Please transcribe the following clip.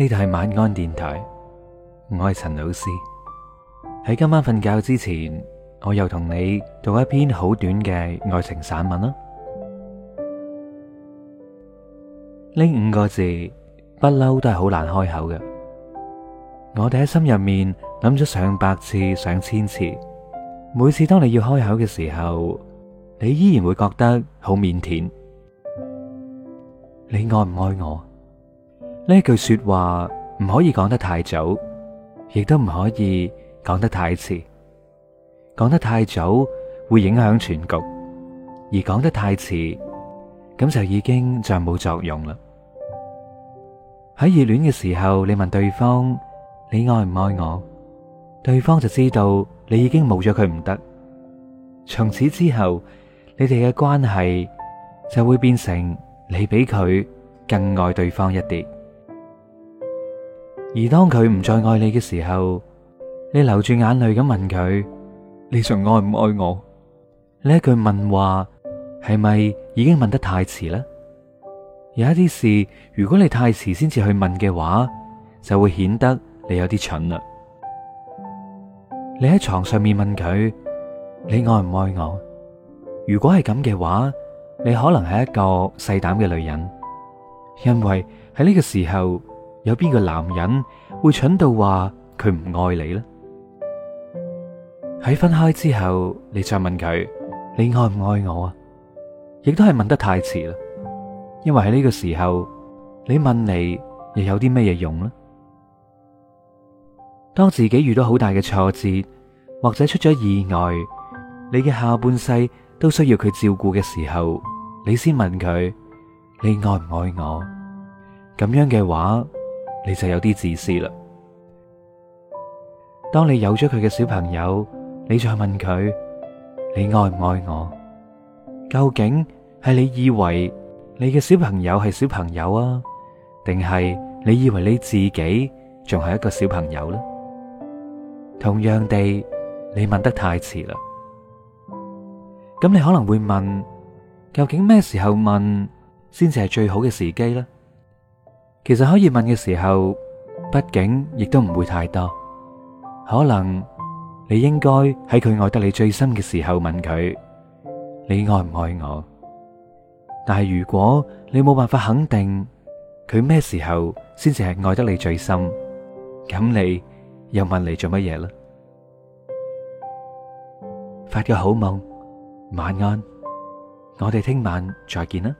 呢度係晚安電台，我係陳老師。喺今晚瞓覺之前，我又同你讀一篇好短嘅愛情散文啦。呢五個字不嬲都係好難開口嘅。我哋喺心入面諗咗上百次，上千次，每次當你要開口嘅時候，你依然會覺得好腼腆。你愛唔愛我？呢句說話唔可以講得太早，亦都唔可以講得太遲。講得太早會影響全局，而講得太遲咁就已經再冇作用啦。喺熱戀嘅時候，你問對方，你愛唔愛我？對方就知道你已經冇咗佢唔得。從此之後，你哋嘅關係就會變成你比佢更愛對方一啲。而當佢唔再愛你嘅時候，你流住眼淚咁問佢：你仲愛唔愛我？呢一句問話係咪已經問得太遲啦？有一啲事，如果你太遲先至去問嘅話，就會顯得你有啲蠢啦。你喺床上面問佢：你愛唔愛我？如果係咁嘅話，你可能係一個細膽嘅女人，因為喺呢個時候。有邊個男人會蠢到話佢唔愛你呢？喺分開之後，你再問佢，你愛唔愛我啊？亦都係問得太遲啦，因為喺呢個時候你問你又有啲咩嘢用呢？當自己遇到好大嘅挫折或者出咗意外，你嘅下半世都需要佢照顧嘅時候，你先問佢，你愛唔愛我？咁樣嘅話。你就有啲自私啦。當你有咗佢嘅小朋友，你再問佢你愛唔愛我？究竟係你以為你嘅小朋友係小朋友啊，定係你以為你自己仲係一個小朋友呢？同樣地，你問得太遲啦。咁你可能會問，究竟咩時候問先至係最好嘅時機呢？其實可以問嘅時候，畢竟亦都唔會太多。可能你應該喺佢愛得你最深嘅時候問佢，你愛唔愛我？但係如果你冇辦法肯定佢咩時候先至係愛得你最深，咁你又問你做乜嘢呢？發個好夢，晚安，我哋聽晚再見啦。